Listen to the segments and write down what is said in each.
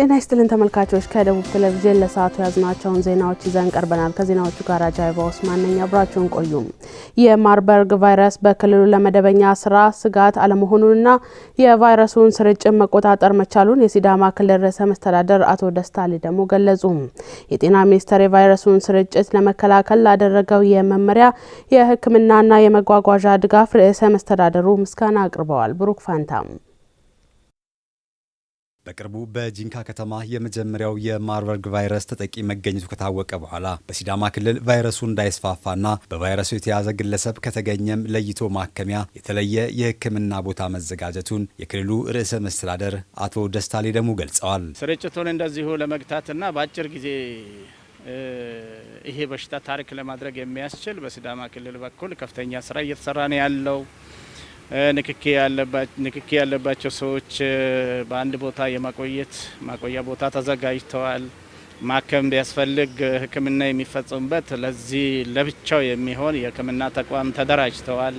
ጤና ይስጥልን ተመልካቾች፣ ከደቡብ ቴሌቪዥን ለሰዓቱ ያዝናቸውን ዜናዎች ይዘን ቀርበናል። ከዜናዎቹ ጋር ጃይባ ውስማን ነኝ። አብራችሁን ቆዩ። የማርበርግ ቫይረስ በክልሉ ለመደበኛ ስራ ስጋት አለመሆኑንና የቫይረሱን ስርጭት መቆጣጠር መቻሉን የሲዳማ ክልል ርዕሰ መስተዳደር አቶ ደስታ ሌዳሞ ገለጹ። የጤና ሚኒስቴር የቫይረሱን ስርጭት ለመከላከል ላደረገው የመመሪያ የሕክምናና የመጓጓዣ ድጋፍ ርዕሰ መስተዳደሩ ምስጋና አቅርበዋል። ብሩክ ፋንታም በቅርቡ በጂንካ ከተማ የመጀመሪያው የማርበርግ ቫይረስ ተጠቂ መገኘቱ ከታወቀ በኋላ በሲዳማ ክልል ቫይረሱ እንዳይስፋፋና በቫይረሱ የተያዘ ግለሰብ ከተገኘም ለይቶ ማከሚያ የተለየ የሕክምና ቦታ መዘጋጀቱን የክልሉ ርዕሰ መስተዳደር አቶ ደስታ ሌዳሞ ገልጸዋል። ስርጭቱን እንደዚሁ ለመግታትና በአጭር ጊዜ ይሄ በሽታ ታሪክ ለማድረግ የሚያስችል በሲዳማ ክልል በኩል ከፍተኛ ስራ እየተሰራ ነው ያለው ንክኪ ያለባቸው ሰዎች በአንድ ቦታ የማቆየት ማቆያ ቦታ ተዘጋጅተዋል። ማከም ቢያስፈልግ ሕክምና የሚፈጸሙበት ለዚህ ለብቻው የሚሆን የሕክምና ተቋም ተደራጅተዋል።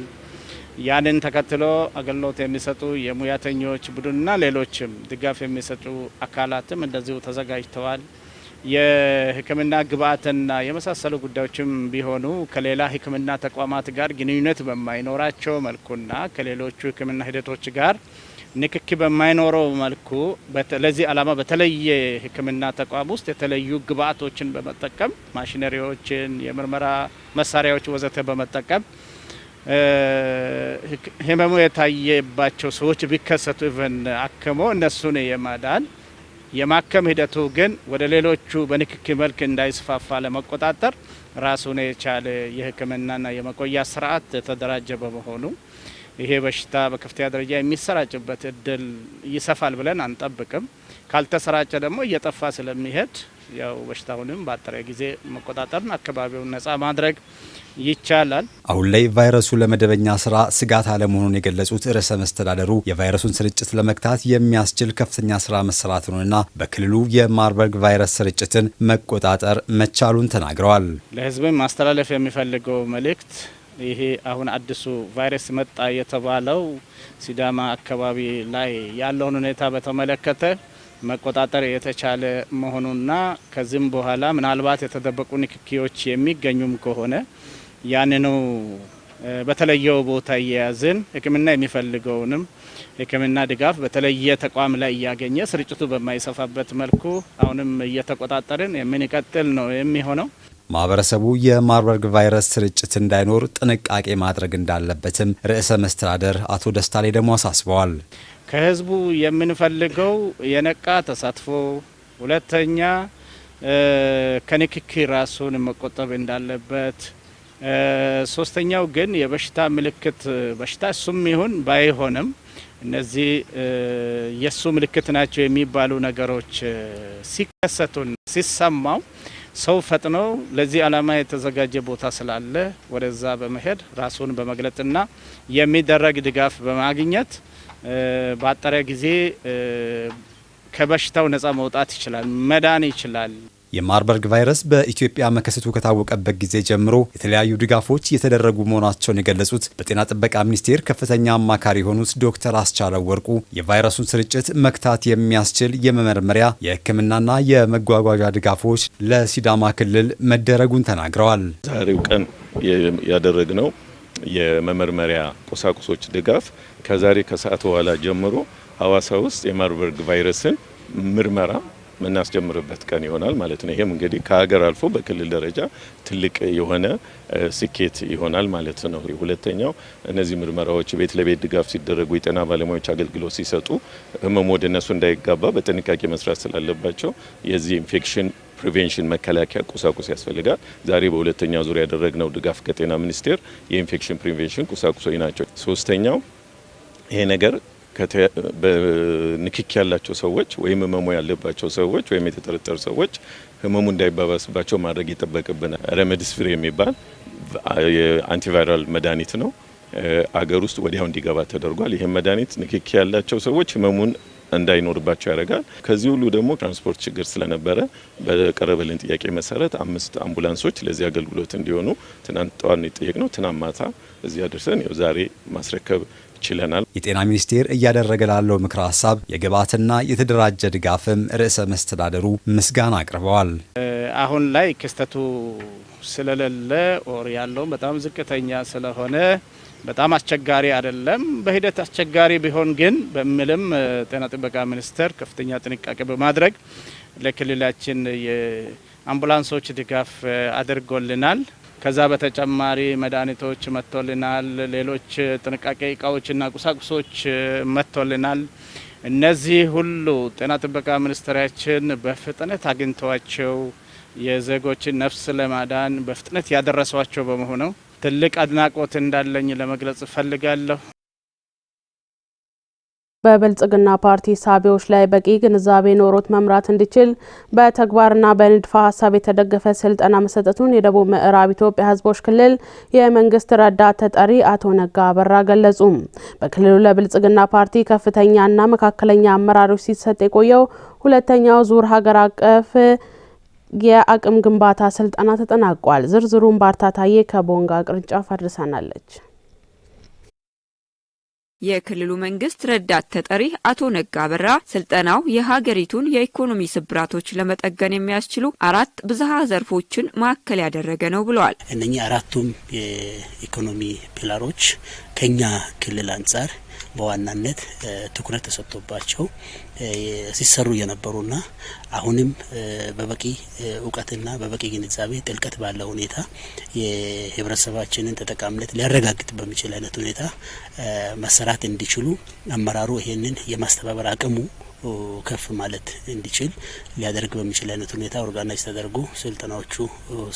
ያንን ተከትሎ አገልግሎት የሚሰጡ የሙያተኞች ቡድንና ሌሎችም ድጋፍ የሚሰጡ አካላትም እንደዚሁ ተዘጋጅተዋል። የሕክምና ግብአትና የመሳሰሉ ጉዳዮችም ቢሆኑ ከሌላ ሕክምና ተቋማት ጋር ግንኙነት በማይኖራቸው መልኩና ከሌሎቹ ሕክምና ሂደቶች ጋር ንክኪ በማይኖረው መልኩ ለዚህ ዓላማ በተለየ ሕክምና ተቋም ውስጥ የተለዩ ግብአቶችን በመጠቀም ማሽነሪዎችን፣ የምርመራ መሳሪያዎች ወዘተ በመጠቀም ህመሙ የታየባቸው ሰዎች ቢከሰቱ ኢቨን አክሞ እነሱን የማዳን የማከም ሂደቱ ግን ወደ ሌሎቹ በንክኪ መልክ እንዳይስፋፋ ለመቆጣጠር ራሱን የቻለ የሕክምናና የመቆያ ስርዓት የተደራጀ በመሆኑ ይሄ በሽታ በከፍተኛ ደረጃ የሚሰራጭበት እድል ይሰፋል ብለን አንጠብቅም። ካልተሰራጨ ደግሞ እየጠፋ ስለሚሄድ ያው በሽታውንም በአጠረ ጊዜ መቆጣጠርን አካባቢውን ነጻ ማድረግ ይቻላል። አሁን ላይ ቫይረሱ ለመደበኛ ስራ ስጋት አለመሆኑን የገለጹት ርዕሰ መስተዳደሩ የቫይረሱን ስርጭት ለመግታት የሚያስችል ከፍተኛ ስራ መሰራቱንና በክልሉ የማርበርግ ቫይረስ ስርጭትን መቆጣጠር መቻሉን ተናግረዋል። ለህዝብ ማስተላለፍ የሚፈልገው መልእክት ይሄ አሁን አዲሱ ቫይረስ መጣ የተባለው ሲዳማ አካባቢ ላይ ያለውን ሁኔታ በተመለከተ መቆጣጠር የተቻለ መሆኑና ከዚህም በኋላ ምናልባት የተደበቁ ንክኪዎች የሚገኙም ከሆነ ያንኑ በተለየው ቦታ እየያዝን ሕክምና የሚፈልገውንም ሕክምና ድጋፍ በተለየ ተቋም ላይ እያገኘ ስርጭቱ በማይሰፋበት መልኩ አሁንም እየተቆጣጠርን የምንቀጥል ነው የሚሆነው። ማህበረሰቡ የማርበርግ ቫይረስ ስርጭት እንዳይኖር ጥንቃቄ ማድረግ እንዳለበትም ርዕሰ መስተዳደር አቶ ደስታ ደግሞ አሳስበዋል። ከህዝቡ የምንፈልገው የነቃ ተሳትፎ፣ ሁለተኛ ከንክኪ ራሱን መቆጠብ እንዳለበት፣ ሶስተኛው ግን የበሽታ ምልክት በሽታ እሱም ይሁን ባይሆንም እነዚህ የእሱ ምልክት ናቸው የሚባሉ ነገሮች ሲከሰቱን ሲሰማው ሰው ፈጥኖ ለዚህ ዓላማ የተዘጋጀ ቦታ ስላለ ወደዛ በመሄድ ራሱን በመግለጥና የሚደረግ ድጋፍ በማግኘት በአጠረ ጊዜ ከበሽታው ነጻ መውጣት ይችላል፣ መዳን ይችላል። የማርበርግ ቫይረስ በኢትዮጵያ መከሰቱ ከታወቀበት ጊዜ ጀምሮ የተለያዩ ድጋፎች እየተደረጉ መሆናቸውን የገለጹት በጤና ጥበቃ ሚኒስቴር ከፍተኛ አማካሪ የሆኑት ዶክተር አስቻለው ወርቁ የቫይረሱን ስርጭት መክታት የሚያስችል የመመርመሪያ የሕክምናና የመጓጓዣ ድጋፎች ለሲዳማ ክልል መደረጉን ተናግረዋል። ዛሬው ቀን ያደረግነው የመመርመሪያ ቁሳቁሶች ድጋፍ ከዛሬ ከሰዓት በኋላ ጀምሮ ሀዋሳ ውስጥ የማርበርግ ቫይረስን ምርመራ የምናስጀምርበት ቀን ይሆናል ማለት ነው። ይሄም እንግዲህ ከሀገር አልፎ በክልል ደረጃ ትልቅ የሆነ ስኬት ይሆናል ማለት ነው። ሁለተኛው እነዚህ ምርመራዎች ቤት ለቤት ድጋፍ ሲደረጉ የጤና ባለሙያዎች አገልግሎት ሲሰጡ ህመሙ ወደ እነሱ እንዳይጋባ በጥንቃቄ መስራት ስላለባቸው የዚህ ኢንፌክሽን ፕሪቬንሽን መከላከያ ቁሳቁስ ያስፈልጋል። ዛሬ በሁለተኛ ዙሪያ ያደረግነው ድጋፍ ከጤና ሚኒስቴር የኢንፌክሽን ፕሪቬንሽን ቁሳቁሶች ናቸው። ሶስተኛው ይሄ ነገር ንክክ ያላቸው ሰዎች ወይም ህመሙ ያለባቸው ሰዎች ወይም የተጠረጠሩ ሰዎች ህመሙ እንዳይባባስባቸው ማድረግ ይጠበቅብናል። ረመድስፍር የሚባል የአንቲቫይራል መድኃኒት ነው። አገር ውስጥ ወዲያው እንዲገባ ተደርጓል። ይህም መድኃኒት ንክክ ያላቸው ሰዎች ህመሙን እንዳይኖርባቸው ያደርጋል። ከዚህ ሁሉ ደግሞ ትራንስፖርት ችግር ስለነበረ በቀረበልን ጥያቄ መሰረት አምስት አምቡላንሶች ለዚህ አገልግሎት እንዲሆኑ ትናንት ጠዋት ነው የጠየቅነው። ትናንት ማታ እዚህ አድርሰን ዛሬ ማስረከብ ችለናል። የጤና ሚኒስቴር እያደረገ ላለው ምክረ ሀሳብ የግብዓትና የተደራጀ ድጋፍም ርዕሰ መስተዳደሩ ምስጋና አቅርበዋል። አሁን ላይ ክስተቱ ስለሌለ ኦር ያለውም በጣም ዝቅተኛ ስለሆነ በጣም አስቸጋሪ አይደለም። በሂደት አስቸጋሪ ቢሆን ግን በሚልም ጤና ጥበቃ ሚኒስቴር ከፍተኛ ጥንቃቄ በማድረግ ለክልላችን የአምቡላንሶች ድጋፍ አድርጎልናል። ከዛ በተጨማሪ መድኃኒቶች መጥቶልናል። ሌሎች ጥንቃቄ እቃዎችና ቁሳቁሶች መጥቶልናል። እነዚህ ሁሉ ጤና ጥበቃ ሚኒስቴራችን በፍጥነት አግኝተዋቸው የዜጎችን ነፍስ ለማዳን በፍጥነት ያደረሷቸው በመሆኑ ትልቅ አድናቆት እንዳለኝ ለመግለጽ እፈልጋለሁ። በብልጽግና ፓርቲ ሳቢዎች ላይ በቂ ግንዛቤ ኖሮት መምራት እንዲችል በተግባርና በንድፈ ሀሳብ የተደገፈ ስልጠና መሰጠቱን የደቡብ ምዕራብ ኢትዮጵያ ህዝቦች ክልል የመንግስት ረዳት ተጠሪ አቶ ነጋ አበራ ገለጹ። በክልሉ ለብልጽግና ፓርቲ ከፍተኛና መካከለኛ አመራሮች ሲሰጥ የቆየው ሁለተኛው ዙር ሀገር አቀፍ የአቅም ግንባታ ስልጠና ተጠናቋል። ዝርዝሩን ባርታታዬ ከቦንጋ ቅርንጫፍ አድርሳናለች። የክልሉ መንግስት ረዳት ተጠሪ አቶ ነጋ በራ ስልጠናው የሀገሪቱን የኢኮኖሚ ስብራቶች ለመጠገን የሚያስችሉ አራት ብዝሃ ዘርፎችን ማዕከል ያደረገ ነው ብለዋል። እነኚህ አራቱም የኢኮኖሚ ፒላሮች ከኛ ክልል አንጻር በዋናነት ትኩረት ተሰጥቶባቸው ሲሰሩ የነበሩና አሁንም በበቂ እውቀትና በበቂ ግንዛቤ ጥልቀት ባለው ሁኔታ የህብረተሰባችንን ተጠቃሚነት ሊያረጋግጥ በሚችል አይነት ሁኔታ መሰራት እንዲችሉ አመራሩ ይሄንን የማስተባበር አቅሙ ከፍ ማለት እንዲችል ሊያደርግ በሚችል አይነት ሁኔታ ኦርጋናይዝ ተደርጎ ስልጠናዎቹ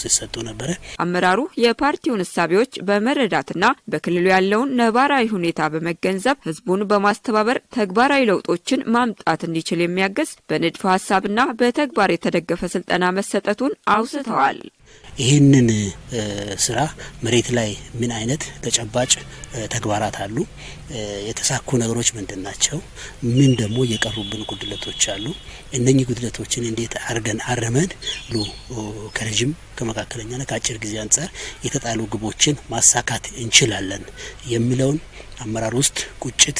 ሲሰጡ ነበረ። አመራሩ የፓርቲውን እሳቤዎች በመረዳትና በክልሉ ያለውን ነባራዊ ሁኔታ በመገንዘብ ህዝቡን በማስተባበር ተግባራዊ ለውጦችን ማምጣት እንዲችል የሚያግዝ በንድፈ ሀሳብና በተግባር የተደገፈ ስልጠና መሰጠቱን አውስተዋል። ይህንን ስራ መሬት ላይ ምን አይነት ተጨባጭ ተግባራት አሉ? የተሳኩ ነገሮች ምንድን ናቸው? ምን ደግሞ የቀሩብን ጉድለቶች አሉ? እነኚህ ጉድለቶችን እንዴት አርገን አርመን ሉ ከረዥም ከመካከለኛና ከአጭር ጊዜ አንጻር የተጣሉ ግቦችን ማሳካት እንችላለን የሚለውን አመራር ውስጥ ቁጭት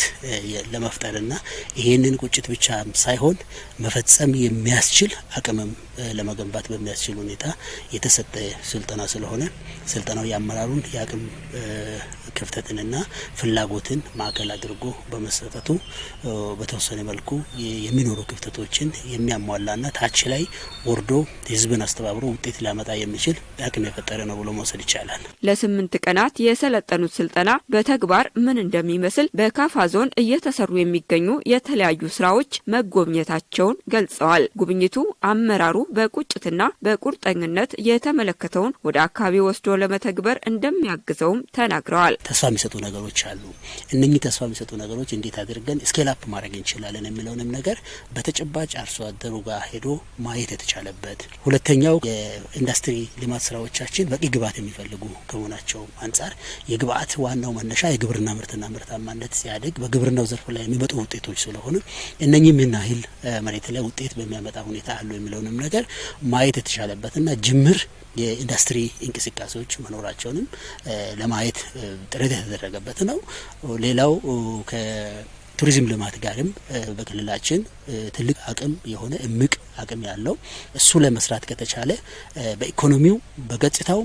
ለመፍጠርና ይህንን ቁጭት ብቻ ሳይሆን መፈጸም የሚያስችል አቅምም ለመገንባት በሚያስችል ሁኔታ የተሰጠ ስልጠና ስለሆነ ስልጠናው የአመራሩን የአቅም ክፍተትንና ፍላጎትን ማዕከል አድርጎ በመሰጠቱ በተወሰነ መልኩ የሚኖሩ ክፍተቶችን የሚያሟላና ታች ላይ ወርዶ ህዝብን አስተባብሮ ውጤት ሊያመጣ የሚችል አቅም የፈጠረ ነው ብሎ መውሰድ ይቻላል። ለስምንት ቀናት የሰለጠኑት ስልጠና በተግባር ምን እንደሚመስል በካፋ ዞን እየተሰሩ የሚገኙ የተለያዩ ስራዎች መጎብኘታቸውን ገልጸዋል። ጉብኝቱ አመራሩ በቁጭትና በቁርጠኝነት የተመለከተውን ወደ አካባቢ ወስዶ ለመተግበር እንደሚያግዘውም ተናግረዋል። ተስፋ የሚሰጡ ነገሮች አሉ። እነኚህ ተስፋ የሚሰጡ ነገሮች እንዴት አድርገን ስኬላፕ ማድረግ እንችላለን የሚለውንም ነገር በተጨባጭ አርሶ አደሩ ጋር ሄዶ ማየት የተቻለበት ሁለተኛው የኢንዱስትሪ ልማት ስራዎቻችን በቂ ግብዓት የሚፈልጉ ከመሆናቸው አንጻር የግብዓት ዋናው መነሻ የግብርና ምርትና ምርታማነት ሲያድግ በግብርናው ዘርፍ ላይ የሚመጡ ውጤቶች ስለሆነ እነኚህ ምን ያህል መሬት ላይ ውጤት በሚያመጣ ሁኔታ አሉ የሚለውንም ነገር ነገር ማየት እና ጅምር የኢንዱስትሪ እንቅስቃሴዎች መኖራቸውንም ለማየት ጥረት የተደረገበት ነው። ሌላው ቱሪዝም ልማት ጋርም በክልላችን ትልቅ አቅም የሆነ እምቅ አቅም ያለው እሱ ለመስራት ከተቻለ በኢኮኖሚው በገጽታው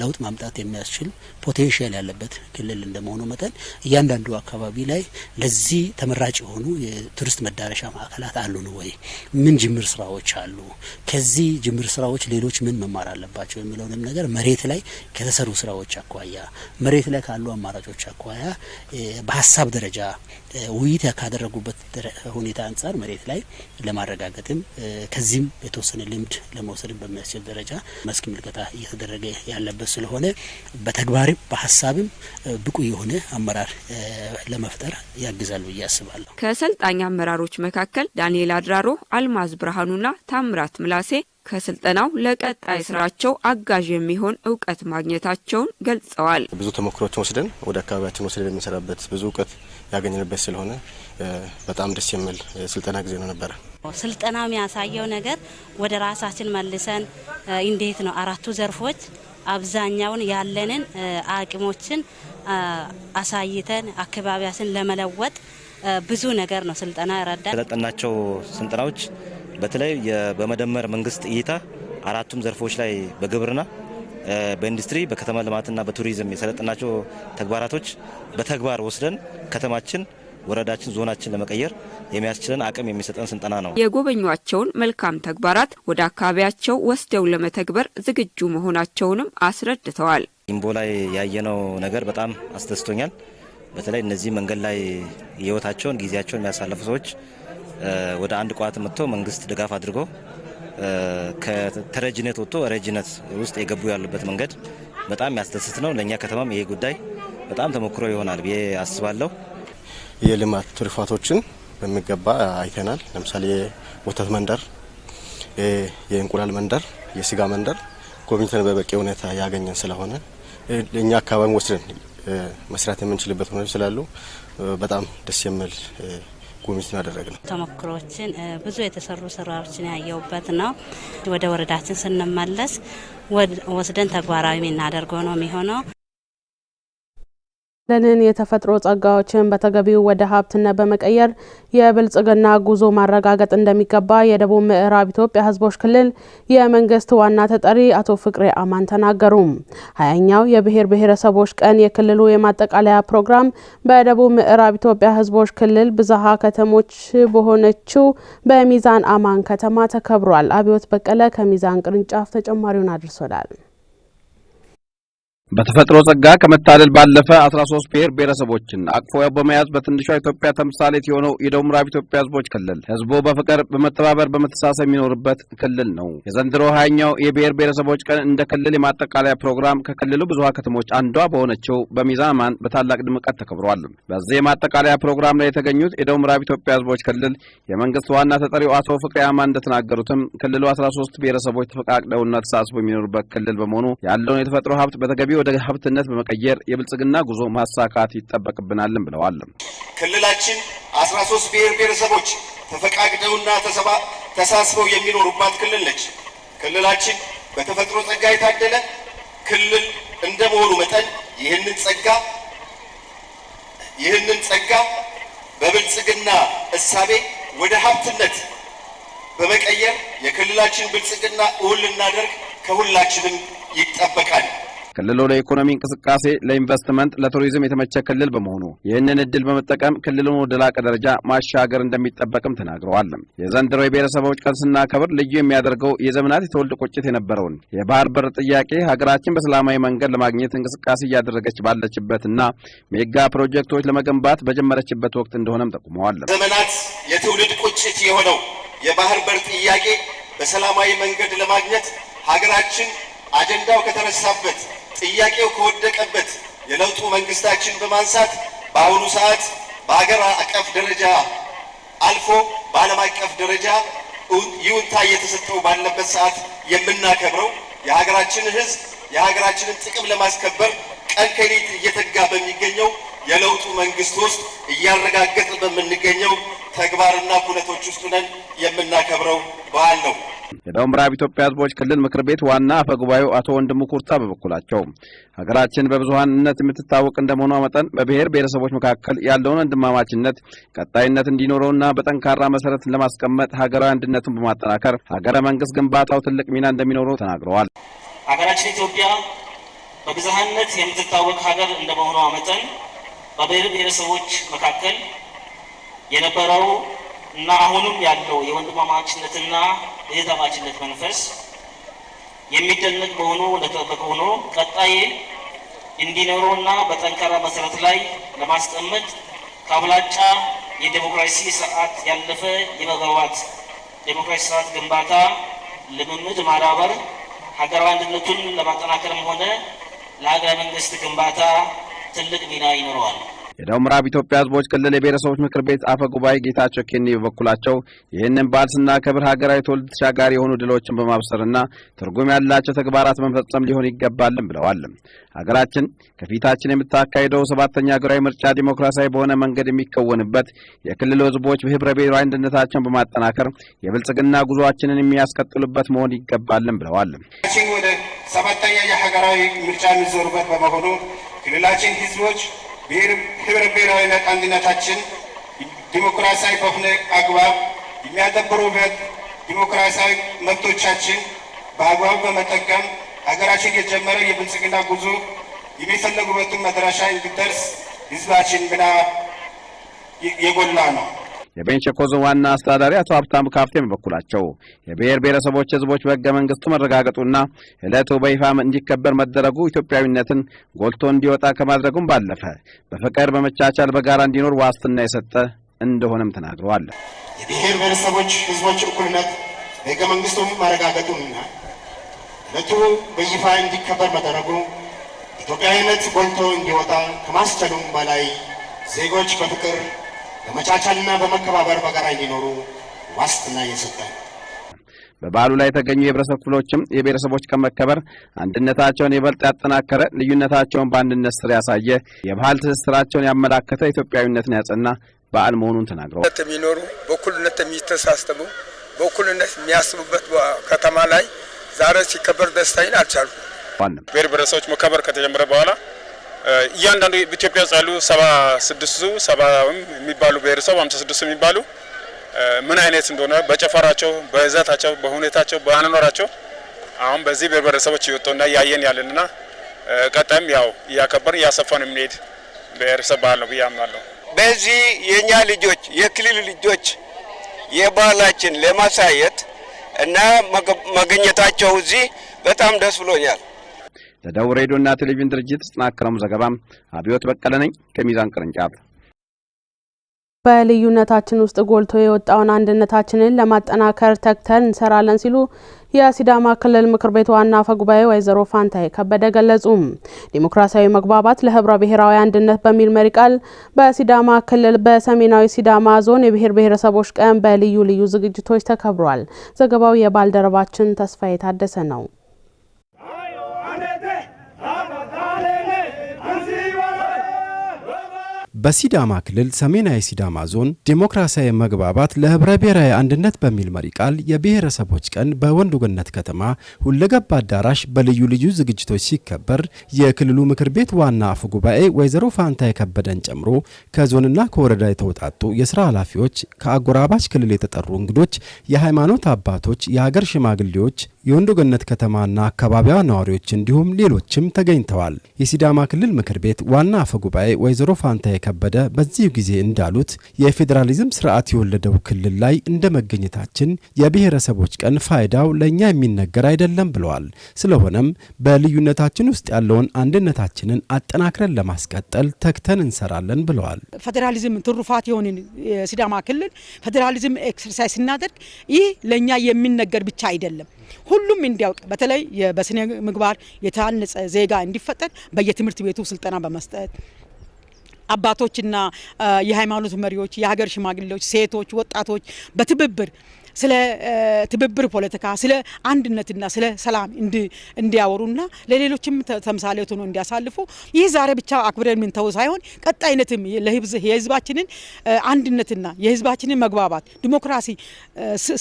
ለውጥ ማምጣት የሚያስችል ፖቴንሽል ያለበት ክልል እንደመሆኑ መጠን እያንዳንዱ አካባቢ ላይ ለዚህ ተመራጭ የሆኑ የቱሪስት መዳረሻ ማዕከላት አሉን ወይ? ምን ጅምር ስራዎች አሉ? ከዚህ ጅምር ስራዎች ሌሎች ምን መማር አለባቸው የሚለውንም ነገር መሬት ላይ ከተሰሩ ስራዎች አኳያ፣ መሬት ላይ ካሉ አማራጮች አኳያ በሀሳብ ደረጃ ውይይት ካደረጉበት ሁኔታ አንጻር መሬት ላይ ለማረጋገጥም ከዚህም የተወሰነ ልምድ ለመውሰድም በሚያስችል ደረጃ መስክ ምልከታ እየተደረገ ያለበት ስለሆነ በተግባርም በሀሳብም ብቁ የሆነ አመራር ለመፍጠር ያግዛል ብዬ አስባለሁ። ከሰልጣኝ አመራሮች መካከል ዳንኤል አድራሮ፣ አልማዝ ብርሃኑና ታምራት ምላሴ ከስልጠናው ለቀጣይ ስራቸው አጋዥ የሚሆን እውቀት ማግኘታቸውን ገልጸዋል። ብዙ ተሞክሮችን ወስደን ወደ አካባቢያችን ወስደን የምንሰራበት ብዙ እውቀት ያገኘንበት ስለሆነ በጣም ደስ የሚል ስልጠና ጊዜ ነው ነበረ። ስልጠናው የሚያሳየው ነገር ወደ ራሳችን መልሰን እንዴት ነው አራቱ ዘርፎች አብዛኛውን ያለንን አቅሞችን አሳይተን አካባቢያችን ለመለወጥ ብዙ ነገር ነው ስልጠና ያረዳል። ሰለጠናቸው ስልጠናዎች በተለይ በመደመር መንግስት እይታ አራቱም ዘርፎች ላይ በግብርና በኢንዱስትሪ በከተማ ልማትና በቱሪዝም የሰለጠናቸው ተግባራቶች በተግባር ወስደን ከተማችን ወረዳችን ዞናችን ለመቀየር የሚያስችለን አቅም የሚሰጠን ስልጠና ነው። የጎበኟቸውን መልካም ተግባራት ወደ አካባቢያቸው ወስደው ለመተግበር ዝግጁ መሆናቸውንም አስረድተዋል። ኢምቦ ላይ ያየነው ነገር በጣም አስደስቶኛል። በተለይ እነዚህ መንገድ ላይ ህይወታቸውን ጊዜያቸውን የሚያሳለፉ ሰዎች ወደ አንድ ቋት መጥቶ መንግስት ድጋፍ አድርጎ ከተረጅነት ወጥቶ ረጅነት ውስጥ የገቡ ያሉበት መንገድ በጣም የሚያስደስት ነው። ለእኛ ከተማም ይሄ ጉዳይ በጣም ተሞክሮ ይሆናል ብዬ አስባለሁ። የልማት ትሩፋቶችን በሚገባ አይተናል። ለምሳሌ የወተት መንደር፣ የእንቁላል መንደር፣ የስጋ መንደር ጎብኝተን በበቂ ሁኔታ ያገኘን ስለሆነ ለእኛ አካባቢ ወስደን መስራት የምንችልበት ሁኔታ ስላሉ በጣም ደስ የሚል ጉብኝት ያደረግ ነው። ተሞክሮችን ብዙ የተሰሩ ስራዎችን ያየውበት ነው። ወደ ወረዳችን ስንመለስ ወስደን ተግባራዊ የምናደርገው ነው የሚሆነው። ለንን የተፈጥሮ ጸጋዎችን በተገቢው ወደ ሀብትነት በመቀየር የብልጽግና ጉዞ ማረጋገጥ እንደሚገባ የደቡብ ምዕራብ ኢትዮጵያ ሕዝቦች ክልል የመንግስት ዋና ተጠሪ አቶ ፍቅሬ አማን ተናገሩ። ሀያኛው የብሔር ብሔረሰቦች ቀን የክልሉ የማጠቃለያ ፕሮግራም በደቡብ ምዕራብ ኢትዮጵያ ሕዝቦች ክልል ብዝሃ ከተሞች በሆነችው በሚዛን አማን ከተማ ተከብሯል። አብዮት በቀለ ከሚዛን ቅርንጫፍ ተጨማሪውን አድርሶናል። በተፈጥሮ ጸጋ ከመታደል ባለፈ 13 ብሔር ብሔረሰቦችን አቅፎ በመያዝ በትንሿ ኢትዮጵያ ተምሳሌት የሆነው የደቡብ ምዕራብ ኢትዮጵያ ህዝቦች ክልል ህዝቡ በፍቅር በመተባበር በመተሳሰብ የሚኖርበት ክልል ነው። የዘንድሮ ሀያኛው የብሔር ብሔረሰቦች ቀን እንደ ክልል የማጠቃለያ ፕሮግራም ከክልሉ ብዙ ከተሞች አንዷ በሆነችው በሚዛን ማን በታላቅ ድምቀት ተከብሯል። በዚህ የማጠቃለያ ፕሮግራም ላይ የተገኙት የደቡብ ምዕራብ ኢትዮጵያ ህዝቦች ክልል የመንግስት ዋና ተጠሪው አቶ ፍቅሬ እንደተናገሩትም ክልሉ 13 ብሔረሰቦች ተፈቃቅደውና ተሳስቦ የሚኖርበት ክልል በመሆኑ ያለውን የተፈጥሮ ሀብት በተገቢው ወደ ሀብትነት በመቀየር የብልጽግና ጉዞ ማሳካት ይጠበቅብናልን ብለዋል። ክልላችን አስራ ሶስት ብሔር ብሔረሰቦች ተፈቃቅደውና ተሳስበው የሚኖሩባት ክልል ነች። ክልላችን በተፈጥሮ ጸጋ የታደለ ክልል እንደመሆኑ መጠን ይህንን ጸጋ ይህንን ጸጋ በብልጽግና እሳቤ ወደ ሀብትነት በመቀየር የክልላችን ብልጽግና እውን ልናደርግ ከሁላችንም ይጠበቃል። ክልሉ ለኢኮኖሚ እንቅስቃሴ፣ ለኢንቨስትመንት፣ ለቱሪዝም የተመቸ ክልል በመሆኑ ይህንን እድል በመጠቀም ክልሉን ወደ ላቀ ደረጃ ማሻገር እንደሚጠበቅም ተናግረዋል። የዘንድሮ የብሔረሰቦች ቀን ስናከብር ልዩ የሚያደርገው የዘመናት የትውልድ ቁጭት የነበረውን የባህር በር ጥያቄ ሀገራችን በሰላማዊ መንገድ ለማግኘት እንቅስቃሴ እያደረገች ባለችበትና ሜጋ ፕሮጀክቶች ለመገንባት በጀመረችበት ወቅት እንደሆነም ጠቁመዋል። ዘመናት የትውልድ ቁጭት የሆነው የባህር በር ጥያቄ በሰላማዊ መንገድ ለማግኘት ሀገራችን አጀንዳው ከተነሳበት ጥያቄው ከወደቀበት የለውጡ መንግስታችን በማንሳት በአሁኑ ሰዓት በሀገር አቀፍ ደረጃ አልፎ በዓለም አቀፍ ደረጃ ይውንታ እየተሰጠው ባለበት ሰዓት የምናከብረው የሀገራችን ህዝብ የሀገራችንን ጥቅም ለማስከበር ቀን ከሌት እየተጋ በሚገኘው የለውጡ መንግስት ውስጥ እያረጋገጠ በምንገኘው ተግባርና ኩነቶች ውስጥ ነን የምናከብረው በዓል ነው። የደቡብ ምዕራብ ኢትዮጵያ ህዝቦች ክልል ምክር ቤት ዋና አፈ ጉባኤው አቶ ወንድሙ ኩርታ በበኩላቸው ሀገራችን በብዙሀንነት የምትታወቅ እንደመሆኗ መጠን በብሔር ብሔረሰቦች መካከል ያለውን ወንድማማችነት ቀጣይነት እንዲኖረውና በጠንካራ መሰረት ለማስቀመጥ ሀገራዊ አንድነትን በማጠናከር ሀገረ መንግስት ግንባታው ትልቅ ሚና እንደሚኖረው ተናግረዋል። ሀገራችን ኢትዮጵያ በብዝሃነት የምትታወቅ ሀገር እንደመሆኗ መጠን በብሔር ብሔረሰቦች መካከል የነበረው እና አሁንም ያለው የወንድማማችነትና የዘማችነት መንፈስ የሚደነቅ በሆኑ ለተጠበቀ ሆኖ ቀጣይ እንዲኖረውና በጠንካራ መሰረት ላይ ለማስቀመጥ ከአብላጫ የዴሞክራሲ ስርዓት ያለፈ የመግባባት ዴሞክራሲ ስርዓት ግንባታ ልምምድ ማዳበር ሀገራዊ አንድነቱን ለማጠናከርም ሆነ ለሀገረ መንግስት ግንባታ ትልቅ ሚና ይኖረዋል። የደቡብ ምዕራብ ኢትዮጵያ ህዝቦች ክልል የብሔረሰቦች ምክር ቤት አፈ ጉባኤ ጌታቸው ኬኒ በበኩላቸው ይህንን በዓል ስናከብር ሀገራዊ ትውልድ ተሻጋሪ የሆኑ ድሎችን በማብሰርና ትርጉም ያላቸው ተግባራት መፈጸም ሊሆን ይገባልን ብለዋል። ሀገራችን ከፊታችን የምታካሂደው ሰባተኛ ሀገራዊ ምርጫ ዲሞክራሲያዊ በሆነ መንገድ የሚከወንበት የክልሉ ህዝቦች በህብረ ብሔራዊ አንድነታቸውን በማጠናከር የብልጽግና ጉዞአችንን የሚያስቀጥሉበት መሆን ይገባልን ብለዋል። ወደ ሰባተኛ የሀገራዊ ምርጫ የሚዞሩበት በመሆኑ ክልላችን ህዝቦች ህብረ ብሔራዊነት አንድነታችን ዲሞክራሲያዊ በሆነ አግባብ የሚያተብሩበት ዲሞክራሲያዊ መብቶቻችን በአግባቡ በመጠቀም ሀገራችን የጀመረ የብልጽግና ጉዞ የሚፈለጉበትን መድረሻ እንዲደርስ ህዝባችን ምና የጎላ ነው። የቤንች ኮዞ ዋና አስተዳዳሪ አቶ ሀብታም ካፍቴም በኩላቸው የብሔር ብሔረሰቦች ህዝቦች በህገ መንግስቱ መረጋገጡና ዕለቱ በይፋ እንዲከበር መደረጉ ኢትዮጵያዊነትን ጎልቶ እንዲወጣ ከማድረጉም ባለፈ በፍቅር በመቻቻል በጋራ እንዲኖር ዋስትና የሰጠ እንደሆነም ተናግረዋል። የብሔር ብሔረሰቦች ህዝቦች እኩልነት በህገ መንግስቱም ማረጋገጡንና ዕለቱ በይፋ እንዲከበር መደረጉ ኢትዮጵያዊነት ጎልቶ እንዲወጣ ከማስቻሉም በላይ ዜጎች በፍቅር በመቻቻልና በመከባበር በጋራ እንዲኖሩ ዋስትና እየሰጠ በበዓሉ ላይ የተገኙ የህብረተሰብ ክፍሎችም የብሔረሰቦች ቀን መከበር አንድነታቸውን የበልጥ ያጠናከረ፣ ልዩነታቸውን በአንድነት ስር ያሳየ፣ የባህል ትስስራቸውን ያመላከተ፣ ኢትዮጵያዊነትን ያጸና በዓል መሆኑን ተናግረዋል። የሚኖሩ በእኩልነት የሚተሳሰቡ በእኩልነት የሚያስቡበት ከተማ ላይ ዛሬ ሲከበር ደስታይን አልቻሉ ብሔር ብሔረሰቦች መከበር ከተጀመረ በኋላ እያንዳንዱ በኢትዮጵያ ውስጥ ያሉ ሰባ ስድስቱ ሰባም የሚባሉ ብሔረሰብ ሀምሳ ስድስቱ የሚባሉ ምን አይነት እንደሆነ በጨፈራቸው፣ በዛታቸው፣ በሁኔታቸው፣ በአኗኗራቸው አሁን በዚህ ብሔር ብሔረሰቦች እየወጣውና እያየን ያለንና ቀጣይም ያው እያከበርን እያሰፋን የምንሄድ ብሔረሰብ ባህል ነው ብዬ አምናለሁ። በዚህ የእኛ ልጆች የክልል ልጆች የባህላችን ለማሳየት እና መገኘታቸው እዚህ በጣም ደስ ብሎኛል። ለደቡብ ሬዲዮና ቴሌቪዥን ድርጅት የተጠናከረው ዘገባ አብዮት በቀለ ነኝ ከሚዛን ቅርንጫፍ። በልዩነታችን ውስጥ ጎልቶ የወጣውን አንድነታችንን ለማጠናከር ተግተን እንሰራለን ሲሉ የሲዳማ ክልል ምክር ቤት ዋና አፈ ጉባኤ ወይዘሮ ፋንታይ ከበደ ገለጹ። ዲሞክራሲያዊ መግባባት ለህብረ ብሔራዊ አንድነት በሚል መሪ ቃል በሲዳማ ክልል በሰሜናዊ ሲዳማ ዞን የብሔር ብሔረሰቦች ቀን በልዩ ልዩ ዝግጅቶች ተከብሯል። ዘገባው የባልደረባችን ተስፋዬ ታደሰ ነው። በሲዳማ ክልል ሰሜናዊ ሲዳማ ዞን ዴሞክራሲያዊ መግባባት ለህብረ ብሔራዊ አንድነት በሚል መሪ ቃል የብሔረሰቦች ቀን በወንዶ ገነት ከተማ ሁለገባ አዳራሽ በልዩ ልዩ ዝግጅቶች ሲከበር የክልሉ ምክር ቤት ዋና አፈ ጉባኤ ወይዘሮ ፋንታ የከበደን ጨምሮ ከዞንና ከወረዳ የተውጣጡ የስራ ኃላፊዎች፣ ከአጎራባች ክልል የተጠሩ እንግዶች፣ የሃይማኖት አባቶች፣ የሀገር ሽማግሌዎች የወንዶ ገነት ከተማና አካባቢዋ ነዋሪዎች እንዲሁም ሌሎችም ተገኝተዋል። የሲዳማ ክልል ምክር ቤት ዋና አፈ ጉባኤ ወይዘሮ ፋንታ የከበደ በዚሁ ጊዜ እንዳሉት የፌዴራሊዝም ስርዓት የወለደው ክልል ላይ እንደ መገኘታችን የብሔረሰቦች ቀን ፋይዳው ለእኛ የሚነገር አይደለም ብለዋል። ስለሆነም በልዩነታችን ውስጥ ያለውን አንድነታችንን አጠናክረን ለማስቀጠል ተግተን እንሰራለን ብለዋል። ፌዴራሊዝም ትሩፋት የሆንን የሲዳማ ክልል ፌዴራሊዝም ኤክሰርሳይዝ ስናደርግ ይህ ለእኛ የሚነገር ብቻ አይደለም ሁሉም እንዲያውቅ በተለይ በስነ ምግባር የታነጸ ዜጋ እንዲፈጠር በየትምህርት ቤቱ ስልጠና በመስጠት አባቶችና የሃይማኖት መሪዎች፣ የሀገር ሽማግሌዎች፣ ሴቶች፣ ወጣቶች በትብብር ስለ ትብብር ፖለቲካ፣ ስለ አንድነትና ስለ ሰላም እንዲያወሩና ለሌሎችም ተምሳሌት ሆኖ እንዲያሳልፉ ይህ ዛሬ ብቻ አክብረን የምንተው ሳይሆን ቀጣይነትም የህዝባችንን አንድነትና የህዝባችንን መግባባት ዲሞክራሲ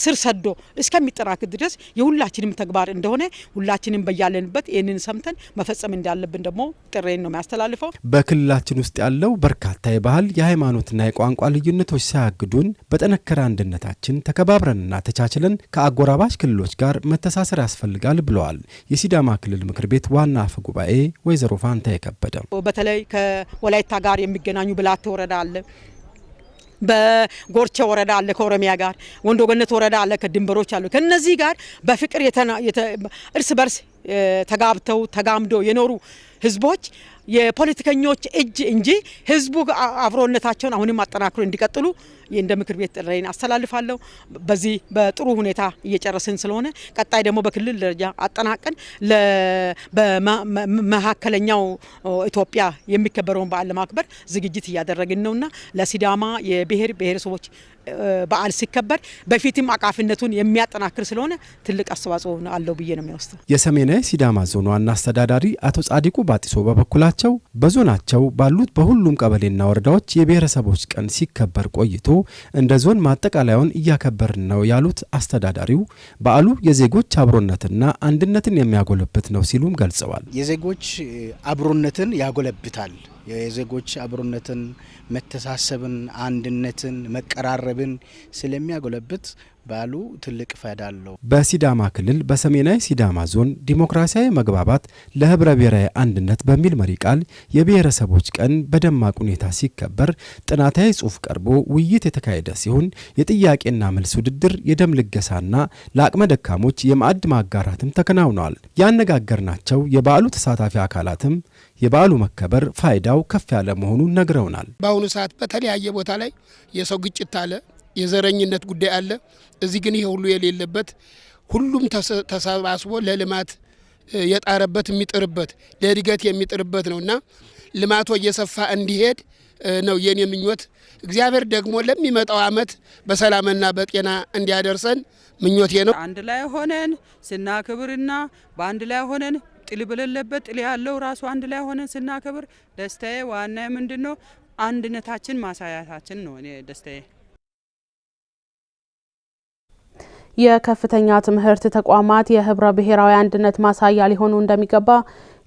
ስር ሰዶ እስከሚጠናክር ድረስ የሁላችንም ተግባር እንደሆነ ሁላችንም በያለንበት ይህንን ሰምተን መፈጸም እንዳለብን ደግሞ ጥሬን ነው የሚያስተላልፈው። በክልላችን ውስጥ ያለው በርካታ የባህል የሃይማኖትና የቋንቋ ልዩነቶች ሳያግዱን በጠነከረ አንድነታችን ተከባብረን ተባብረንና ተቻችለን ከአጎራባች ክልሎች ጋር መተሳሰር ያስፈልጋል ብለዋል የሲዳማ ክልል ምክር ቤት ዋና አፈ ጉባኤ ወይዘሮ ፋንታ የከበደ። በተለይ ከወላይታ ጋር የሚገናኙ ብላት ወረዳ አለ፣ በጎርቼ ወረዳ አለ፣ ከኦሮሚያ ጋር ወንዶ ገነት ወረዳ አለ፣ ከድንበሮች አሉ። ከነዚህ ጋር በፍቅር እርስ በርስ ተጋብተው ተጋምደው የኖሩ ህዝቦች የፖለቲከኞች እጅ እንጂ ህዝቡ አብሮነታቸውን አሁንም አጠናክሮ እንዲቀጥሉ እንደ ምክር ቤት ጥሪን አስተላልፋለሁ። በዚህ በጥሩ ሁኔታ እየጨረስን ስለሆነ ቀጣይ ደግሞ በክልል ደረጃ አጠናቀን በመካከለኛው ኢትዮጵያ የሚከበረውን በዓል ለማክበር ዝግጅት እያደረግን ነውና ለሲዳማ የብሔር ብሔረሰቦች በዓል ሲከበር በፊትም አቃፊነቱን የሚያጠናክር ስለሆነ ትልቅ አስተዋጽኦ አለው ብዬ ነው የሚወስደው። የሰሜናዊ ሲዳማ ዞን ዋና አስተዳዳሪ አቶ ጻዲቁ ባጢሶ በበኩላቸው በዞናቸው ባሉት በሁሉም ቀበሌና ወረዳዎች የብሔረሰቦች ቀን ሲከበር ቆይቶ እንደ ዞን ማጠቃለያውን እያከበርን ነው ያሉት አስተዳዳሪው በዓሉ የዜጎች አብሮነትና አንድነትን የሚያጎለብት ነው ሲሉም ገልጸዋል። የዜጎች አብሮነትን ያጎለብታል የዜጎች አብሮነትን፣ መተሳሰብን፣ አንድነትን፣ መቀራረብን ስለሚያጎለብት ባሉ ትልቅ ፋይዳ አለው። በሲዳማ ክልል በሰሜናዊ ሲዳማ ዞን ዲሞክራሲያዊ መግባባት ለህብረ ብሔራዊ አንድነት በሚል መሪ ቃል የብሔረሰቦች ቀን በደማቅ ሁኔታ ሲከበር ጥናታዊ ጽሑፍ ቀርቦ ውይይት የተካሄደ ሲሆን የጥያቄና መልስ ውድድር፣ የደም ልገሳና ለአቅመ ደካሞች የማዕድ ማጋራትም ተከናውነዋል። ያነጋገርናቸው የበዓሉ ተሳታፊ አካላትም የበዓሉ መከበር ፋይዳው ከፍ ያለ መሆኑን ነግረውናል። በአሁኑ ሰዓት በተለያየ ቦታ ላይ የሰው ግጭት አለ፣ የዘረኝነት ጉዳይ አለ። እዚህ ግን ይሄ ሁሉ የሌለበት ሁሉም ተሰባስቦ ለልማት የጣረበት የሚጥርበት ለእድገት የሚጥርበት ነው እና ልማቶ እየሰፋ እንዲሄድ ነው የኔ ምኞት። እግዚአብሔር ደግሞ ለሚመጣው ዓመት በሰላምና በጤና እንዲያደርሰን ምኞቴ ነው። አንድ ላይ ሆነን ስናክብርና በአንድ ላይ ሆነን ጥል በሌለበት ጥል ያለው ራሱ አንድ ላይ ሆነን ስናከብር ደስታዬ ዋና ምንድን ነው አንድነታችን ማሳያታችን ነው እኔ ደስታዬ። የከፍተኛ ትምህርት ተቋማት የህብረ ብሔራዊ አንድነት ማሳያ ሊሆኑ እንደሚገባ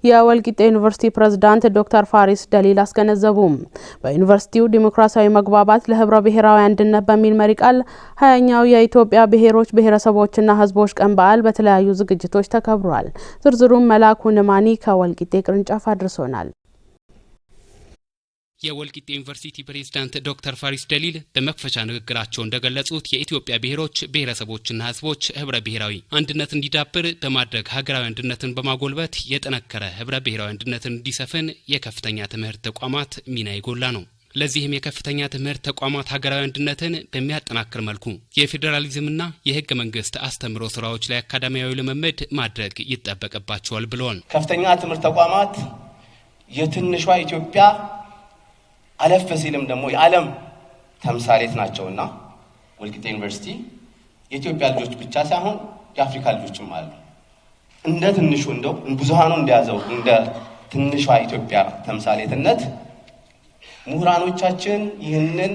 የወልቂጤ ዩኒቨርሲቲ ፕሬዝዳንት ዶክተር ፋሪስ ደሊል አስገነዘቡም። በዩኒቨርሲቲው ዲሞክራሲያዊ መግባባት ለህብረ ብሔራዊ አንድነት በሚል መሪ ቃል ሀያኛው የኢትዮጵያ ብሔሮች ብሔረሰቦችና ህዝቦች ቀን በዓል በተለያዩ ዝግጅቶች ተከብሯል። ዝርዝሩም መላኩ ንማኒ ከወልቂጤ ቅርንጫፍ አድርሶናል። የወልቂጤ ዩኒቨርሲቲ ፕሬዝዳንት ዶክተር ፋሪስ ደሊል በመክፈቻ ንግግራቸው እንደገለጹት የኢትዮጵያ ብሔሮች ብሔረሰቦችና ህዝቦች ህብረ ብሔራዊ አንድነት እንዲዳብር በማድረግ ሀገራዊ አንድነትን በማጎልበት የጠነከረ ህብረ ብሔራዊ አንድነትን እንዲሰፍን የከፍተኛ ትምህርት ተቋማት ሚና የጎላ ነው። ለዚህም የከፍተኛ ትምህርት ተቋማት ሀገራዊ አንድነትን በሚያጠናክር መልኩ የፌዴራሊዝምና የህገ መንግስት አስተምሮ ስራዎች ላይ አካዳሚያዊ ልምምድ ማድረግ ይጠበቅባቸዋል ብለዋል። ከፍተኛ ትምህርት ተቋማት የትንሿ ኢትዮጵያ አለፍ ሲልም ደግሞ የዓለም ተምሳሌት ናቸውና ወልቂጤ ዩኒቨርሲቲ የኢትዮጵያ ልጆች ብቻ ሳይሆን የአፍሪካ ልጆችም አሉ። እንደ ትንሹ እንደው ብዙሃኑ እንደያዘው እንደ ትንሿ ኢትዮጵያ ተምሳሌትነት ምሁራኖቻችን ይህንን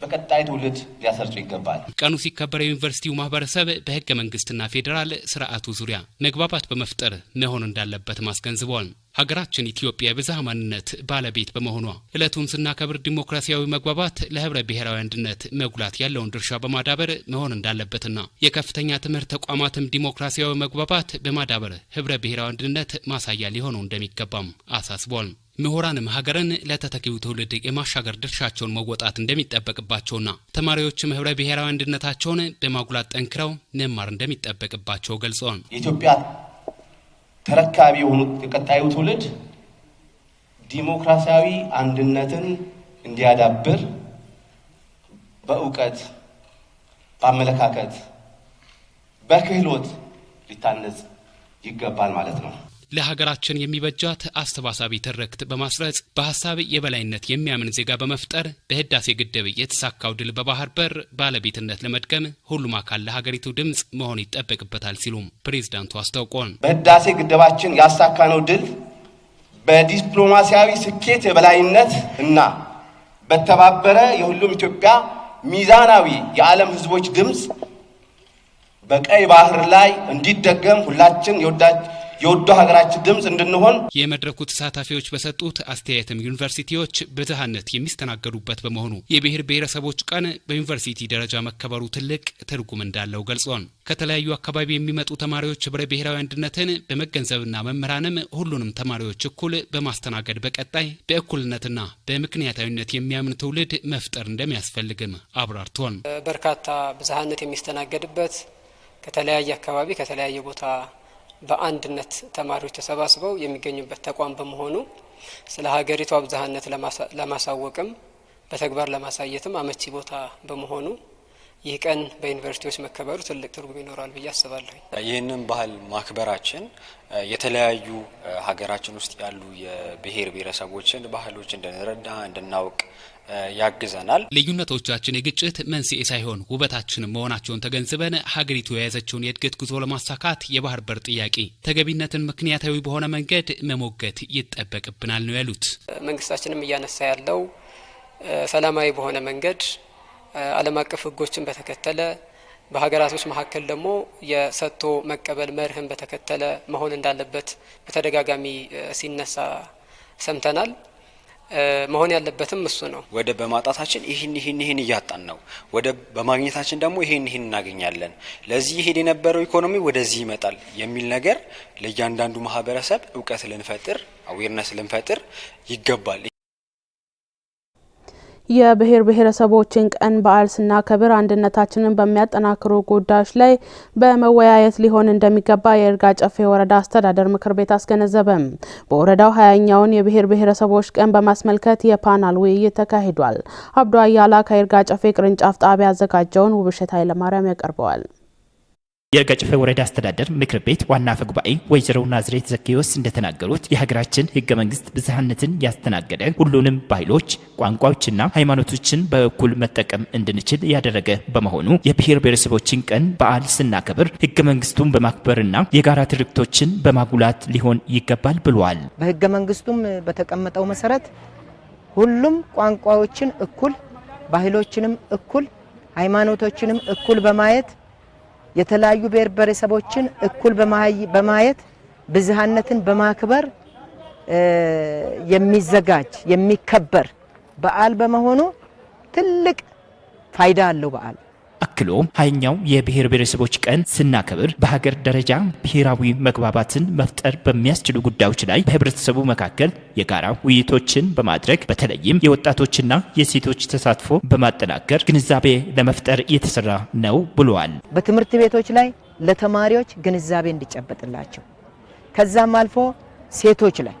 በቀጣይ ትውልድ ሊያሰርጹ ይገባል። ቀኑ ሲከበር የዩኒቨርሲቲው ማህበረሰብ በህገ መንግስትና ፌዴራል ስርዓቱ ዙሪያ መግባባት በመፍጠር መሆን እንዳለበት ማስገንዝቧል። ሀገራችን ኢትዮጵያ የብዝሃ ማንነት ባለቤት በመሆኗ ዕለቱን ስናከብር ዲሞክራሲያዊ መግባባት ለህብረ ብሔራዊ አንድነት መጉላት ያለውን ድርሻ በማዳበር መሆን እንዳለበትና የከፍተኛ ትምህርት ተቋማትም ዲሞክራሲያዊ መግባባት በማዳበር ህብረ ብሔራዊ አንድነት ማሳያ ሊሆኑ እንደሚገባም አሳስቧል። ምሁራንም ሀገርን ለተተኪው ትውልድ የማሻገር ድርሻቸውን መወጣት እንደሚጠበቅባቸውና ተማሪዎችም ህብረ ብሔራዊ አንድነታቸውን በማጉላት ጠንክረው መማር እንደሚጠበቅባቸው ገልጸዋል። ተረካቢ የሆኑት የቀጣዩ ትውልድ ዲሞክራሲያዊ አንድነትን እንዲያዳብር በእውቀት፣ በአመለካከት፣ በክህሎት ሊታነጽ ይገባል ማለት ነው። ለሀገራችን የሚበጃት አስተባሳቢ ትርክት በማስረጽ በሀሳብ የበላይነት የሚያምን ዜጋ በመፍጠር በህዳሴ ግድብ የተሳካው ድል በባህር በር ባለቤትነት ለመድገም ሁሉም አካል ለሀገሪቱ ድምፅ መሆን ይጠበቅበታል ሲሉም ፕሬዚዳንቱ አስታውቋል። በህዳሴ ግድባችን ያሳካነው ድል በዲፕሎማሲያዊ ስኬት የበላይነት እና በተባበረ የሁሉም ኢትዮጵያ ሚዛናዊ የዓለም ህዝቦች ድምፅ በቀይ ባህር ላይ እንዲደገም ሁላችን የወዳጅ የወዶ ሀገራችን ድምፅ እንድንሆን የመድረኩ ተሳታፊዎች በሰጡት አስተያየትም ዩኒቨርሲቲዎች ብዝሃነት የሚስተናገዱበት በመሆኑ የብሔር ብሔረሰቦች ቀን በዩኒቨርሲቲ ደረጃ መከበሩ ትልቅ ትርጉም እንዳለው ገልጿል። ከተለያዩ አካባቢ የሚመጡ ተማሪዎች ህብረ ብሔራዊ አንድነትን በመገንዘብና መምህራንም ሁሉንም ተማሪዎች እኩል በማስተናገድ በቀጣይ በእኩልነትና በምክንያታዊነት የሚያምን ትውልድ መፍጠር እንደሚያስፈልግም አብራርቷል። በርካታ ብዝሃነት የሚስተናገድበት ከተለያየ አካባቢ ከተለያየ ቦታ በአንድነት ተማሪዎች ተሰባስበው የሚገኙበት ተቋም በመሆኑ ስለ ሀገሪቱ አብዛሀነት ለማሳወቅም በተግባር ለማሳየትም አመቺ ቦታ በመሆኑ ይህ ቀን በዩኒቨርሲቲዎች መከበሩ ትልቅ ትርጉም ይኖራል ብዬ አስባለሁ። ይህንን ባህል ማክበራችን የተለያዩ ሀገራችን ውስጥ ያሉ የብሔር ብሔረሰቦችን ባህሎች እንድንረዳ እንድናውቅ ያግዘናል። ልዩነቶቻችን የግጭት መንስኤ ሳይሆን ውበታችንም መሆናቸውን ተገንዝበን ሀገሪቱ የያዘችውን የእድገት ጉዞ ለማሳካት የባህር በር ጥያቄ ተገቢነትን ምክንያታዊ በሆነ መንገድ መሞገት ይጠበቅብናል ነው ያሉት። መንግስታችንም እያነሳ ያለው ሰላማዊ በሆነ መንገድ ዓለም አቀፍ ሕጎችን በተከተለ በሀገራቶች መካከል ደግሞ የሰጥቶ መቀበል መርህን በተከተለ መሆን እንዳለበት በተደጋጋሚ ሲነሳ ሰምተናል። መሆን ያለበትም እሱ ነው። ወደብ በማጣታችን ይህን ይህን ይህን እያጣን ነው። ወደብ በማግኘታችን ደግሞ ይህን ይህን እናገኛለን። ለዚህ ይሄድ የነበረው ኢኮኖሚ ወደዚህ ይመጣል የሚል ነገር ለእያንዳንዱ ማህበረሰብ እውቀት ልንፈጥር፣ አዌርነስ ልንፈጥር ይገባል። የብሔር ብሔረሰቦችን ቀን በዓል ስናከብር አንድነታችንን በሚያጠናክሩ ጉዳዮች ላይ በመወያየት ሊሆን እንደሚገባ የእርጋ ጨፌ ወረዳ አስተዳደር ምክር ቤት አስገነዘበም። በወረዳው ሀያኛውን የብሔር ብሔረሰቦች ቀን በማስመልከት የፓናል ውይይት ተካሂዷል። አብዶ አያላ ከእርጋ ጨፌ ቅርንጫፍ ጣቢያ ያዘጋጀውን ውብሸት ኃይለማርያም ያቀርበዋል። የገጭፌ ወረዳ አስተዳደር ምክር ቤት ዋና አፈ ጉባኤ ወይዘሮ ናዝሬት ዘኪዮስ እንደተናገሩት የሀገራችን ህገ መንግስት ብዝሃነትን ያስተናገደ ሁሉንም ባህሎች፣ ቋንቋዎችና ሃይማኖቶችን በእኩል መጠቀም እንድንችል ያደረገ በመሆኑ የብሔር ብሔረሰቦችን ቀን በዓል ስናከብር ህገ መንግስቱን በማክበርና የጋራ ትርክቶችን በማጉላት ሊሆን ይገባል ብለዋል። በህገ መንግስቱም በተቀመጠው መሰረት ሁሉም ቋንቋዎችን እኩል፣ ባህሎችንም እኩል፣ ሃይማኖቶችንም እኩል በማየት የተለያዩ ብሔር ብሔረሰቦችን እኩል በማየት ብዝሃነትን በማክበር የሚዘጋጅ የሚከበር በዓል በመሆኑ ትልቅ ፋይዳ አለው በዓል አክሎ ሀያኛው የብሔር ብሔረሰቦች ቀን ስናከብር በሀገር ደረጃ ብሔራዊ መግባባትን መፍጠር በሚያስችሉ ጉዳዮች ላይ በህብረተሰቡ መካከል የጋራ ውይይቶችን በማድረግ በተለይም የወጣቶችና የሴቶች ተሳትፎ በማጠናከር ግንዛቤ ለመፍጠር እየተሰራ ነው ብለዋል። በትምህርት ቤቶች ላይ ለተማሪዎች ግንዛቤ እንዲጨበጥላቸው ከዛም አልፎ ሴቶች ላይ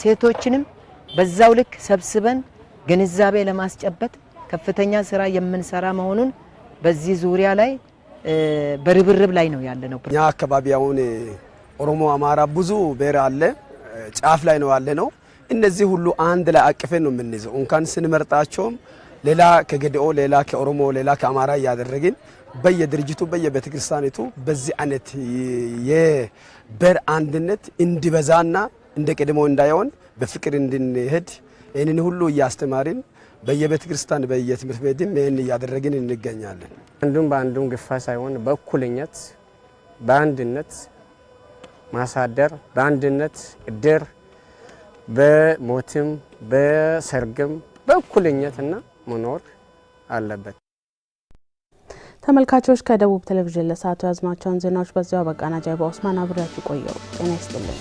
ሴቶችንም በዛው ልክ ሰብስበን ግንዛቤ ለማስጨበጥ ከፍተኛ ስራ የምንሰራ መሆኑን በዚህ ዙሪያ ላይ በርብርብ ላይ ነው ያለ ነው። እኛ አካባቢ አሁን ኦሮሞ፣ አማራ ብዙ ብሔር አለ ጫፍ ላይ ነው ያለ ነው። እነዚህ ሁሉ አንድ ላይ አቅፈን ነው የምንይዘው። እንኳን ስንመርጣቸውም ሌላ ከገድኦ ሌላ ከኦሮሞ ሌላ ከአማራ እያደረግን በየድርጅቱ በየቤተክርስቲያኒቱ በዚህ አይነት የበር አንድነት እንዲበዛና እንደ ቀድሞ እንዳይሆን በፍቅር እንድንሄድ ይህንን ሁሉ እያስተማርን በየቤተ ክርስቲያን በየትምህርት ቤትም ይህን እያደረግን እንገኛለን። አንዱን በአንዱም ግፋ ሳይሆን በእኩልነት በአንድነት ማሳደር በአንድነት እድር በሞትም በሰርግም በእኩልነትና መኖር አለበት። ተመልካቾች ከደቡብ ቴሌቪዥን ለሰዓቱ ያዝናቸውን ዜናዎች በዚያው በቃና ጃይባ ኦስማን አብሬያችሁ ቆየው። ጤና ይስጥልኝ።